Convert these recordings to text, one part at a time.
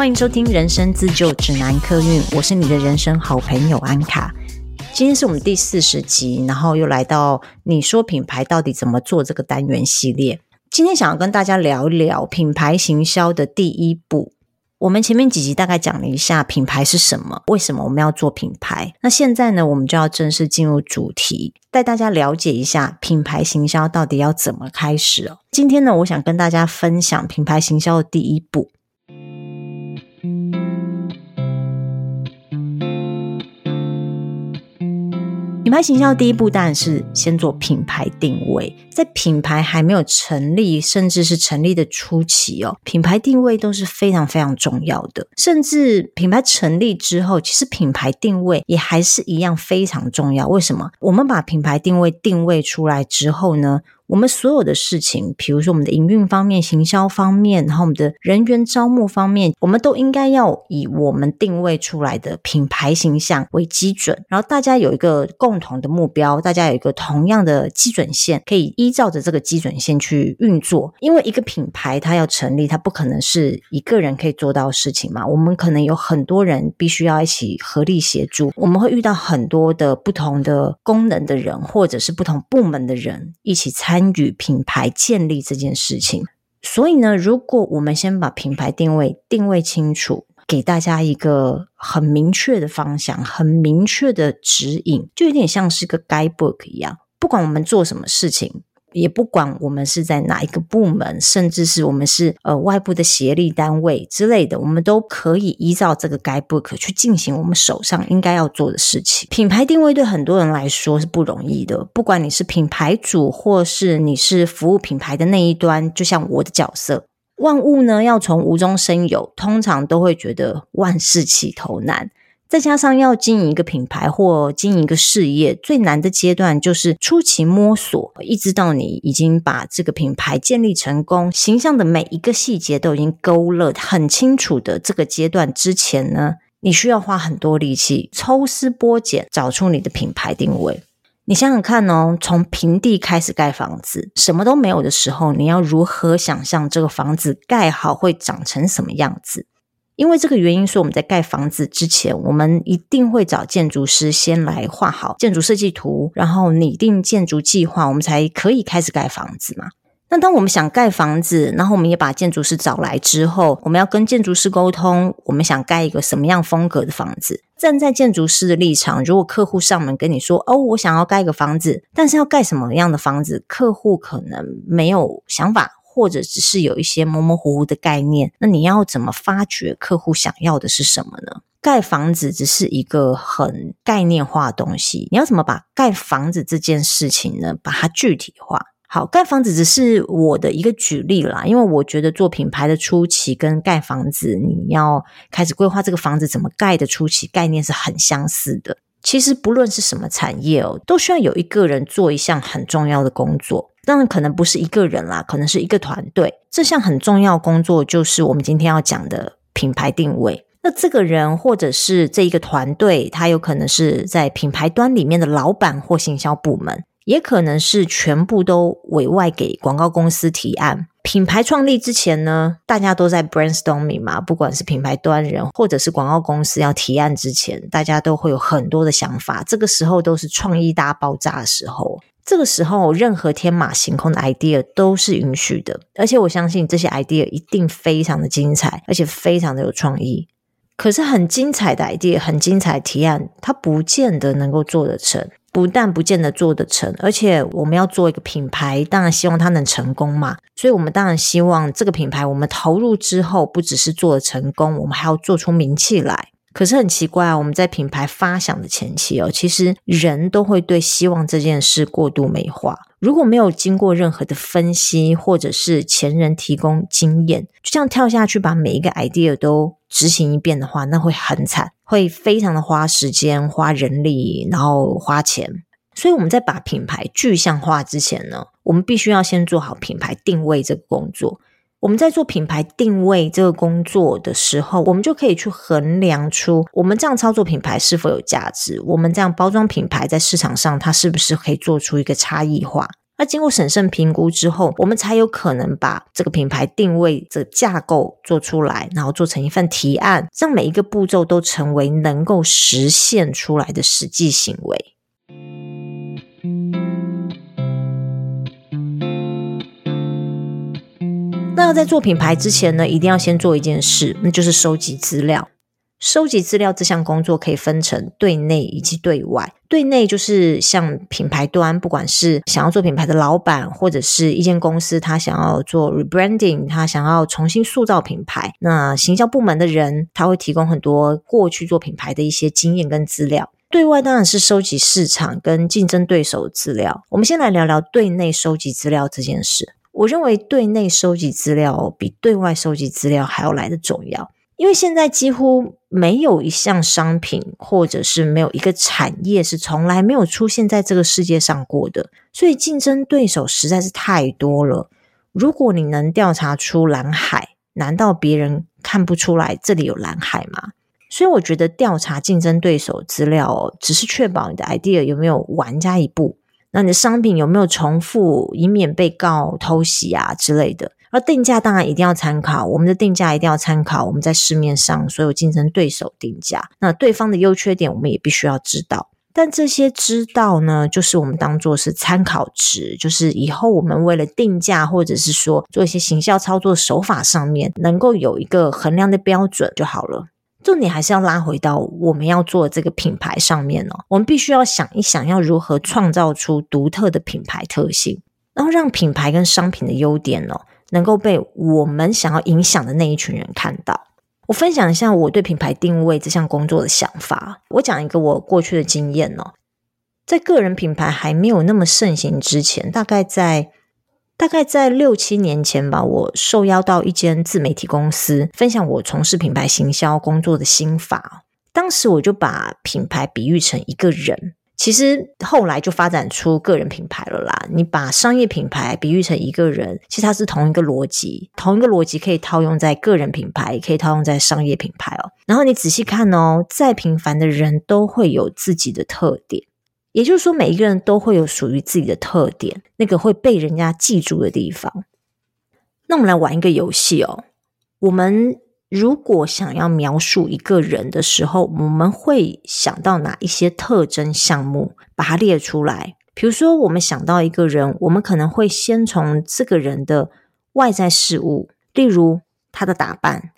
歡迎收聽《人生自救指南》客運，我是你的人生好朋友安卡。今天是我們第四十集，然後又來到你說品牌到底怎麼做這個單元系列。今天想要跟大家聊一聊品牌行銷的第一步。我們前面幾集大概講了一下品牌是什麼，為什麼我們要做品牌。那現在呢，我們就要正式進入主題，帶大家了解一下品牌行銷到底要怎麼開始哦。今天呢，我想跟大家分享品牌行銷的第一步。品牌形象第一步當然是先做品牌定位，在品牌還沒有成立，甚至是成立的初期哦，品牌定位都是非常非常重要的。甚至品牌成立之後，其實品牌定位也還是一樣非常重要。為什麼？我們把品牌定位定位出來之後呢，我們所有的事情，比如說我們的營運方面、行銷方面，然後我們的人員招募方面，我們都應該要以我們定位出來的品牌形象為基準，然後大家有一個共同的目標，大家有一個同樣的基準線，可以依照着這個基準線去運作。因為一個品牌它要成立，它不可能是一個人可以做到的事情嘛。我們可能有很多人，必須要一起合力協助。我們會遇到很多的不同的功能的人，或者是不同部門的人一起參與與品牌建立這件事情，所以呢，如果我們先把品牌定位定位清楚，給大家一個很明確的方向，很明確的指引，就有點像是個 guidebook 一樣，不管我們做什麼事情。也不管我們是在哪一個部門，甚至是我們是呃外部的協力單位之類的，我們都可以依照這個 guidebook 去進行我們手上應該要做的事情。品牌定位對很多人來說是不容易的，不管你是品牌主，或是你是服務品牌的那一端，就像我的角色，萬物呢要從無中生有，通常都會覺得萬事起頭難。再加上要經營一個品牌，或經營一個事業，最難的階段就是初期摸索，一直到你已經把這個品牌建立成功、形象的每一個細節都已經勾勒很清楚的這個階段之前呢，你需要花很多力氣抽絲剝繭，找出你的品牌定位。你想想看哦，從平地開始蓋房子，什麼都沒有的時候，你要如何想象這個房子蓋好會長成什麼樣子？因為這個原因，所以我們在蓋房子之前，我們一定會找建築師先來畫好建築設計圖，然後擬定建築計劃，我們才可以開始蓋房子嘛。那當我們想蓋房子，然後我們也把建築師找來之後，我們要跟建築師溝通，我們想蓋一個什麼樣風格的房子。站在建築師的立場，如果客戶上門跟你說：“哦，我想要蓋一個房子，但是要蓋什麼樣的房子？”客戶可能沒有想法。或者只是有一些模模糊糊的概念，那你要怎麼發掘客戶想要的是什麼呢？蓋房子只是一個很概念化的東西，你要怎麼把蓋房子這件事情呢？把它具體化。好，蓋房子只是我的一個舉例啦，因為我覺得做品牌的初期跟蓋房子，你要開始規劃這個房子怎麼蓋的初期概念是很相似的。其實不論是什麼產業哦，都需要有一個人做一項很重要的工作。當然，可能不是一個人啦，可能是一個團隊。這項很重要工作就是我們今天要講的品牌定位。那這個人或者是這一個團隊，他有可能是在品牌端裡面的老闆或行銷部門，也可能是全部都委外給廣告公司提案。品牌創立之前呢，大家都在 brainstorming 嘛，不管是品牌端人或者是廣告公司要提案之前，大家都會有很多的想法。這個時候都是創意大爆炸的時候。這個時候，任何天馬行空的 idea 都是允許的，而且我相信這些 idea 一定非常的精彩，而且非常的有創意。可是，很精彩的 idea，很精彩的提案，它不見得能夠做得成。不但不見得做得成，而且我們要做一個品牌，當然希望它能成功嘛。所以，我們當然希望這個品牌，我們投入之後，不只是做得成功，我們還要做出名氣來。可是很奇怪啊，我們在品牌發想的前期哦，其實人都會對希望這件事過度美化。如果沒有經過任何的分析，或者是前人提供經驗，就這樣跳下去把每一個 idea 都執行一遍的話，那會很慘，會非常的花時間、花人力，然後花錢。所以我們在把品牌具象化之前呢，我們必須要先做好品牌定位這個工作。我們在做品牌定位這個工作的時候，我們就可以去衡量出我們這樣操作品牌是否有價值，我們這樣包裝品牌在市場上它是不是可以做出一個差異化。那經過審慎評估之後，我們才有可能把這個品牌定位的架構做出來，然後做成一份提案，讓每一個步驟都成為能夠實現出來的實際行為。那在做品牌之前呢，一定要先做一件事，那就是收集資料。收集資料這項工作可以分成對內以及對外。對內就是像品牌端，不管是想要做品牌的老闆，或者是一間公司，他想要做 rebranding，他想要重新塑造品牌，那行銷部門的人他會提供很多過去做品牌的一些經驗跟資料。對外當然是收集市場跟競爭對手的資料。我們先來聊聊對內收集資料這件事。我認為對內收集資料比對外收集資料還要來得重要，因為現在幾乎沒有一項商品或者是沒有一個產業是從來沒有出現在這個世界上過的，所以競爭對手實在是太多了。如果你能調查出藍海，難道別人看不出來這裡有藍海嗎？所以我覺得調查競爭對手資料，只是確保你的 idea 有沒有玩家一步。那你的商品有沒有重複，以免被告偷襲啊之類的？而定價當然一定要參考，我們的定價一定要參考我們在市面上所有競爭對手定價。那對方的優缺點我們也必須要知道，但這些知道呢，就是我們當做是參考值，就是以後我們為了定價或者是說做一些行銷操作手法上面，能夠有一個衡量的標準就好了。重點還是要拉回到我們要做的這個品牌上面哦，我們必須要想一想，要如何創造出獨特的品牌特性，然後讓品牌跟商品的優點哦，能夠被我們想要影響的那一群人看到。我分享一下我對品牌定位這項工作的想法。我講一個我過去的經驗哦，在個人品牌還沒有那麼盛行之前，大概在，大概在六七年前吧，我受邀到一間自媒體公司分享我從事品牌行銷工作的心法。當時我就把品牌比喻成一個人，其實後來就發展出個人品牌了啦。你把商業品牌比喻成一個人，其實它是同一個邏輯，同一個邏輯可以套用在個人品牌，也可以套用在商業品牌哦。然後你仔細看哦，再平凡的人都會有自己的特點。也就是說，每一個人都會有屬於自己的特點，那個會被人家記住的地方。那我們來玩一個遊戲哦。我們如果想要描述一個人的時候，我們會想到哪一些特徵項目，把它列出來。比如說，我們想到一個人，我們可能會先從這個人的外在事物，例如他的打扮。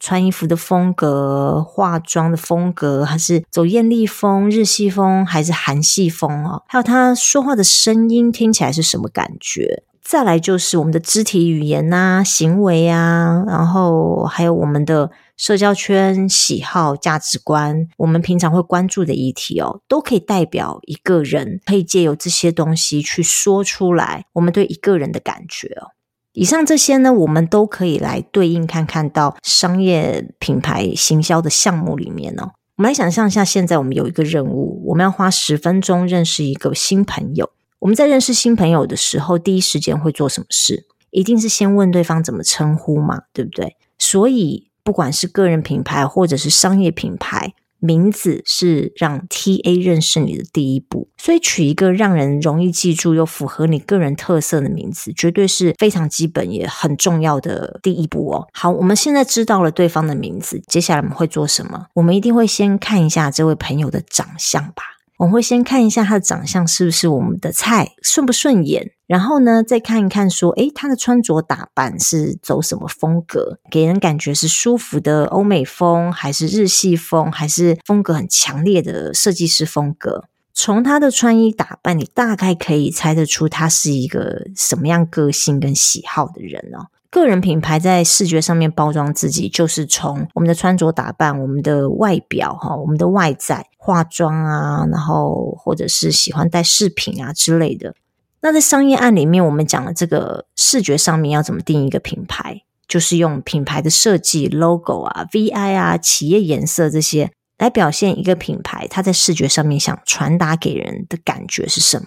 穿衣服的風格、化妝的風格，還是走艷麗風、日系風，還是韓系風哦？還有他說話的聲音聽起來是什麼感覺？再來就是我們的肢體語言啊、行為啊，然後還有我們的社交圈、喜好、價值觀，我們平常會關注的議題哦，都可以代表一個人，可以借由這些東西去說出來我們對一個人的感覺哦。以上這些呢，我們都可以來對應看看到商業品牌行銷的項目裡面哦，我們來想象一下，現在我們有一個任務，我們要花十分鐘認識一個新朋友。我們在認識新朋友的時候，第一時間會做什麼事？一定是先問對方怎麼稱呼嘛，對不對？所以，不管是個人品牌或者是商業品牌，名字是讓 TA 認識你的第一步，所以取一個讓人容易記住又符合你個人特色的名字，絕對是非常基本也很重要的第一步哦。好，我們現在知道了對方的名字，接下來我們會做什麼？我們一定會先看一下這位朋友的長相吧。我們會先看一下他的長相是不是我們的菜，順不順眼，然後呢，再看一看說，哎，他的穿着打扮是走什麼風格，給人感覺是舒服的歐美風，還是日系風，還是風格很強烈的設計師風格？從他的穿衣打扮，你大概可以猜得出他是一個什麼樣個性跟喜好的人哦。個人品牌在視覺上面包裝自己，就是從我們的穿着打扮、我們的外表哈、我們的外在。化妝啊，然後或者是喜歡戴飾品啊之類的。那在商業案裡面，我們講了這個視覺上面要怎麼定一個品牌，就是用品牌的設計、logo 啊、VI 啊、企業顏色這些來表現一個品牌，它在視覺上面想傳達給人的感覺是什麼。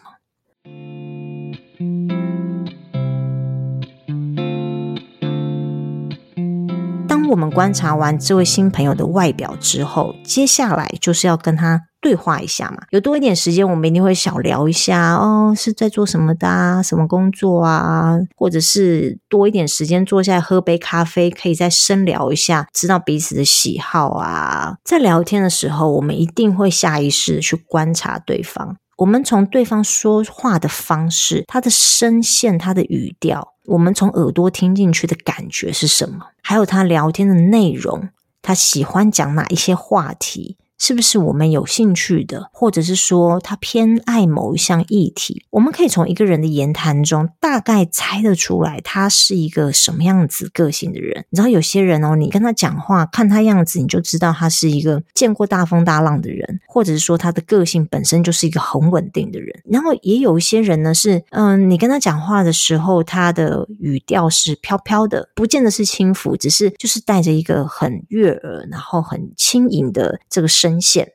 我們觀察完這位新朋友的外表之後，接下來就是要跟他對話一下嘛。有多一點時間，我們一定會小聊一下哦，是在做什麼的啊？什麼工作啊，或者是多一點時間坐下來喝杯咖啡，可以再深聊一下，知道彼此的喜好啊。在聊天的時候，我們一定會下意識去觀察對方。我們從對方說話的方式、他的聲線、他的語調，我們從耳朵聽進去的感覺是什麼？還有他聊天的內容，他喜歡講哪一些話題？是不是我們有興趣的，或者是說他偏愛某一項議題？我們可以從一個人的言談中大概猜得出來，他是一個什麼樣子個性的人。你知道，有些人哦，你跟他講話，看他樣子，你就知道他是一個見過大風大浪的人，或者是說他的個性本身就是一個很穩定的人。然後也有一些人呢，是嗯、呃，你跟他講話的時候，他的語調是飄飄的，不見得是輕浮，只是就是帶着一個很悅耳，然後很輕盈的這個聲。深線，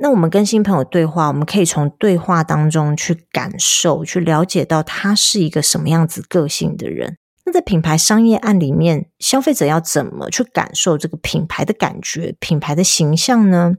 那我們跟新朋友對話，我們可以從對話當中去感受，去了解到他是一個什麼樣子個性的人。那在品牌商業案裡面，消費者要怎麼去感受這個品牌的感覺、品牌的形象呢？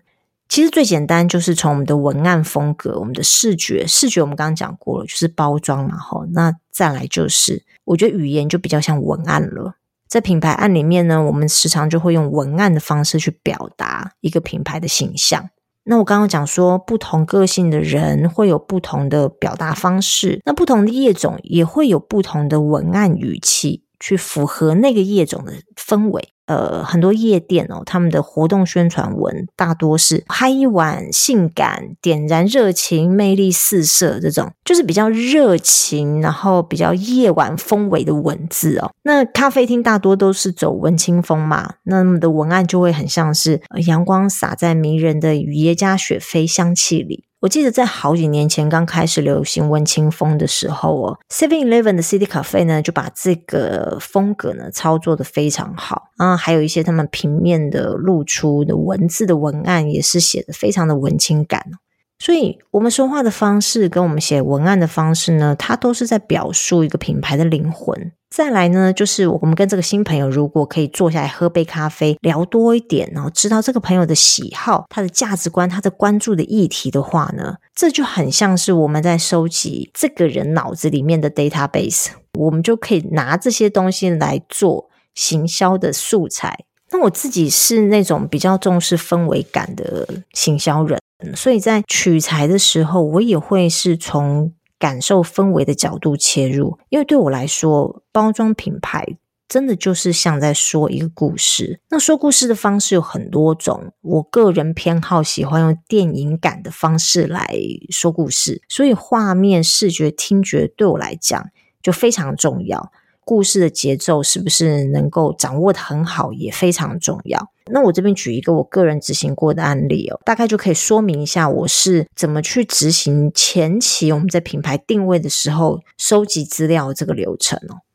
其實最簡單就是從我們的文案風格、我們的視覺，視覺我們剛剛講過了，就是包裝嘛。哈，那再來就是，我覺得語言就比較像文案了。在品牌案裡面呢，我們時常就會用文案的方式去表達一個品牌的形象。那我剛剛講說，不同個性的人會有不同的表達方式，那不同的業種也會有不同的文案語氣。去符合那個夜總的氛圍，呃，很多夜店哦，他們的活動宣傳文大多是嗨一晚、性感、點燃熱情、魅力四射這種，就是比較熱情，然後比較夜晚氛圍的文字哦。那咖啡廳大多都是走文青風嘛，那麼的文案就會很像是陽光灑在迷人的耶加雪菲香氣裡。我記得在好幾年前剛開始流行文青風的時候哦，Seven Eleven 的 City Cafe 呢就把這個風格呢操作得非常好啊，還有一些他們平面的露出的文字的文案也是寫得非常的文青感，所以我們說話的方式跟我們寫文案的方式呢，它都是在表述一個品牌的靈魂。再來呢，就是我們跟這個新朋友，如果可以坐下來喝杯咖啡，聊多一點，然後知道這個朋友的喜好、他的價值觀、他的關注的議題的話呢，這就很像是我們在收集這個人腦子裡面的 database，我們就可以拿這些東西來做行銷的素材。那我自己是那種比較重視氛圍感的行銷人，所以在取材的時候，我也會是從，感受氛圍的角度切入，因為對我來說，包裝品牌真的就是像在說一個故事。那說故事的方式有很多種，我個人偏好喜歡用電影感的方式來說故事，所以畫面、視覺、聽覺對我來講就非常重要。故事的節奏是不是能夠掌握得很好，也非常重要。那我這邊舉一個我個人執行過的案例哦，大概就可以說明一下我是怎麼去執行前期我們在品牌定位的時候收集資料這個流程哦。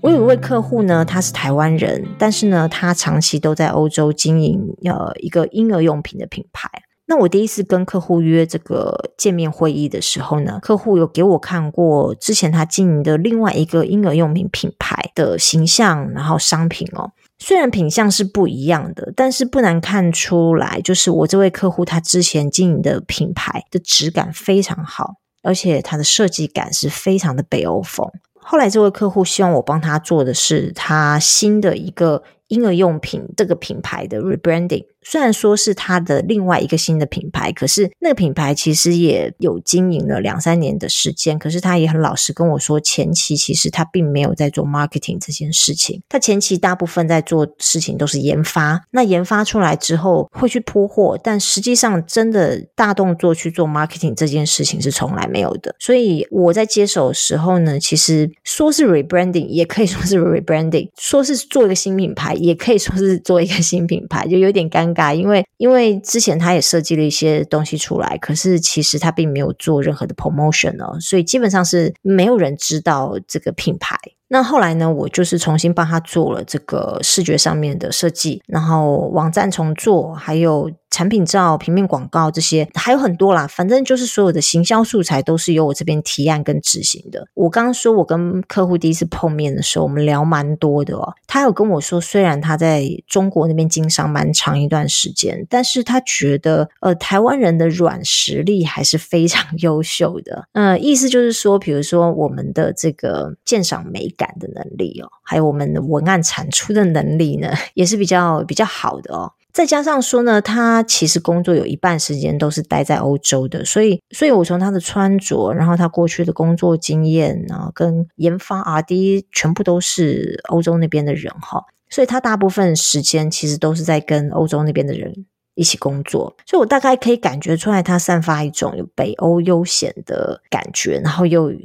我有一位客戶呢，他是台灣人，但是呢，他長期都在歐洲經營呃一個嬰兒用品的品牌。那我第一次跟客戶約這個見面會議的時候呢，客戶有給我看過之前他經營的另外一個嬰兒用品品、品牌的形象，然後商品哦，雖然品相是不一樣的，但是不難看出來，就是我這位客戶他之前經營的品牌的質感非常好，而且它的設計感是非常的北歐風。後來這位客戶希望我幫他做的是他新的一個。嬰兒用品這個品牌的 rebranding，雖然說是它的另外一個新的品牌，可是那個品牌其實也有經營了兩三年的時間。可是他也很老實跟我說，前期其實他並沒有在做 marketing 這件事情。他前期大部分在做事情都是研發。那研發出來之後會去鋪貨，但實際上真的大動作去做 marketing 這件事情是從來沒有的。所以我在接手的時候呢，其實說是 rebranding，也可以說是 rebranding，說是做一個新品牌。也可以說是做一個新品牌，就有點尷尬，因為因為之前他也設計了一些東西出來，可是其實他並沒有做任何的 promotion 哦，所以基本上是沒有人知道這個品牌。那後來呢，我就是重新幫他做了這個視覺上面的設計，然後網站重做，還有。產品照、平面廣告這些還有很多啦，反正就是所有的行銷素材都是由我這邊提案跟執行的。我剛剛說我跟客戶第一次碰面的時候，我們聊蠻多的哦。他有跟我說，雖然他在中國那邊經商蠻長一段時間，但是他覺得，呃，台灣人的軟實力還是非常優秀的。嗯、呃，意思就是說，比如說我們的這個鑑賞美感的能力哦，還有我們文案產出的能力呢，也是比較比較好的哦。再加上說呢，他其實工作有一半時間都是待在歐洲的，所以，所以我從他的穿着，然後他過去的工作經驗呢，然後跟研發 RD 全部都是歐洲那邊的人哈，所以他大部分時間其實都是在跟歐洲那邊的人一起工作，所以我大概可以感覺出來，他散發一種有北歐悠閒的感覺，然後又有，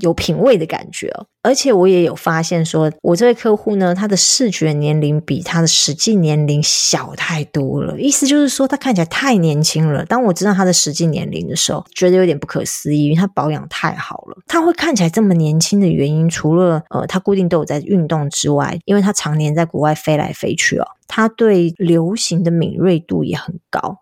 有品味的感覺哦。而且我也有發現說，說我這位客戶呢，他的視覺年齡比他的實際年齡小太多了。意思就是說，他看起來太年輕了。當我知道他的實際年齡的時候，覺得有點不可思議，因為他保養太好了。他會看起來這麼年輕的原因，除了呃，他固定都有在運動之外，因為他常年在國外飛來飛去哦，他對流行的敏銳度也很高。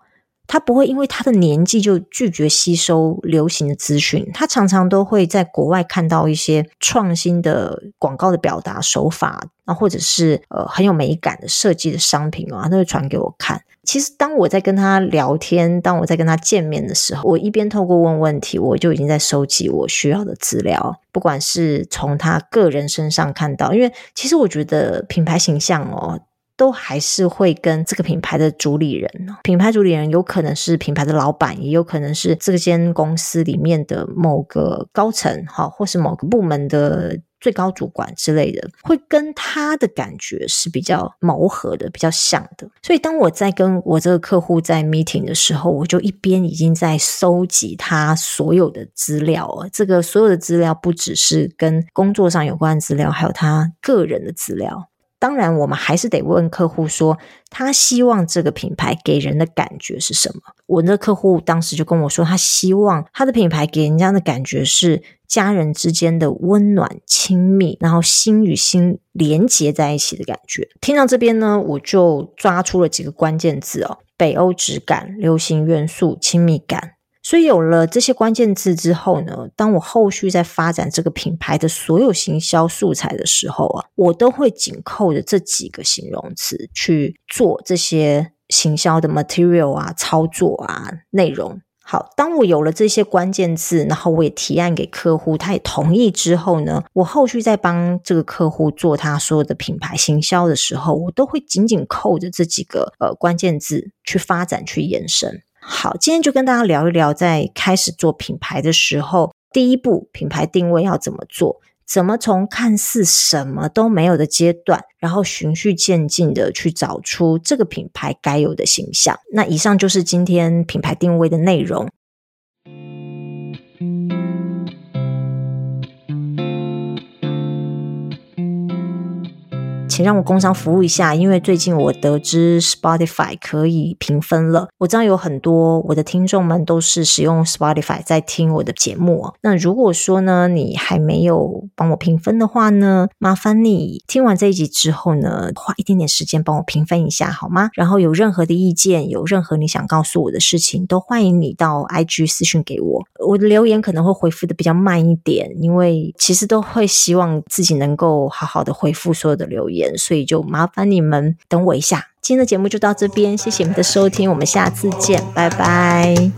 他不會因為他的年紀就拒絕吸收流行的資訊，他常常都會在國外看到一些創新的廣告的表達手法啊，或者是呃很有美感的設計的商品哦，他都會傳給我看。其實當我在跟他聊天，當我在跟他見面的時候，我一邊透過問問題，我就已經在收集我需要的資料，不管是從他個人身上看到，因為其實我覺得品牌形象哦。都還是會跟這個品牌的主理人，品牌主理人有可能是品牌的老板，也有可能是這間公司裡面的某個高層，哈，或是某個部門的最高主管之類的，會跟他的感覺是比較磨合的，比較像的。所以，當我在跟我這個客戶在 meeting 的時候，我就一邊已經在蒐集他所有的資料，這個所有的資料不只是跟工作上有關的資料，還有他個人的資料。當然，我們還是得問客戶說，他希望這個品牌給人的感覺是什麼？我那客戶當時就跟我說，他希望他的品牌給人家的感覺是家人之間的溫暖、親密，然後心與心連接在一起的感覺。聽到這邊呢，我就抓出了幾個關鍵字哦：北歐質感、流行元素、親密感。所以有了這些關鍵字之後呢，當我後續在發展這個品牌的所有行銷素材的時候啊，我都會緊扣着這幾個形容詞去做這些行銷的 material 啊、操作啊、內容。好，當我有了這些關鍵字，然後我也提案給客戶，他也同意之後呢，我後續在幫這個客戶做他所有的品牌行銷的時候，我都會緊緊扣着這幾個呃關鍵字去發展、去延伸。好，今天就跟大家聊一聊，在開始做品牌的時候，第一步品牌定位要怎麼做？怎麼從看似什麼都沒有的階段，然後循序漸進的去找出這個品牌該有的形象。那以上就是今天品牌定位的內容。請讓我工商服務一下，因為最近我得知 Spotify 可以評分了。我知道有很多我的聽眾們都是使用 Spotify 在聽我的節目。那如果說呢，你還沒有幫我評分的話呢，麻煩你聽完這一集之後呢，花一點點時間幫我評分一下好嗎？然後有任何的意見，有任何你想告訴我的事情，都歡迎你到 IG 私訊給我。我的留言可能會回覆的比較慢一點，因為其實都會希望自己能夠好好的回覆所有的留言。所以就麻煩你們等我一下，今天的節目就到這邊，謝謝你們的收聽，我們下次見，拜拜。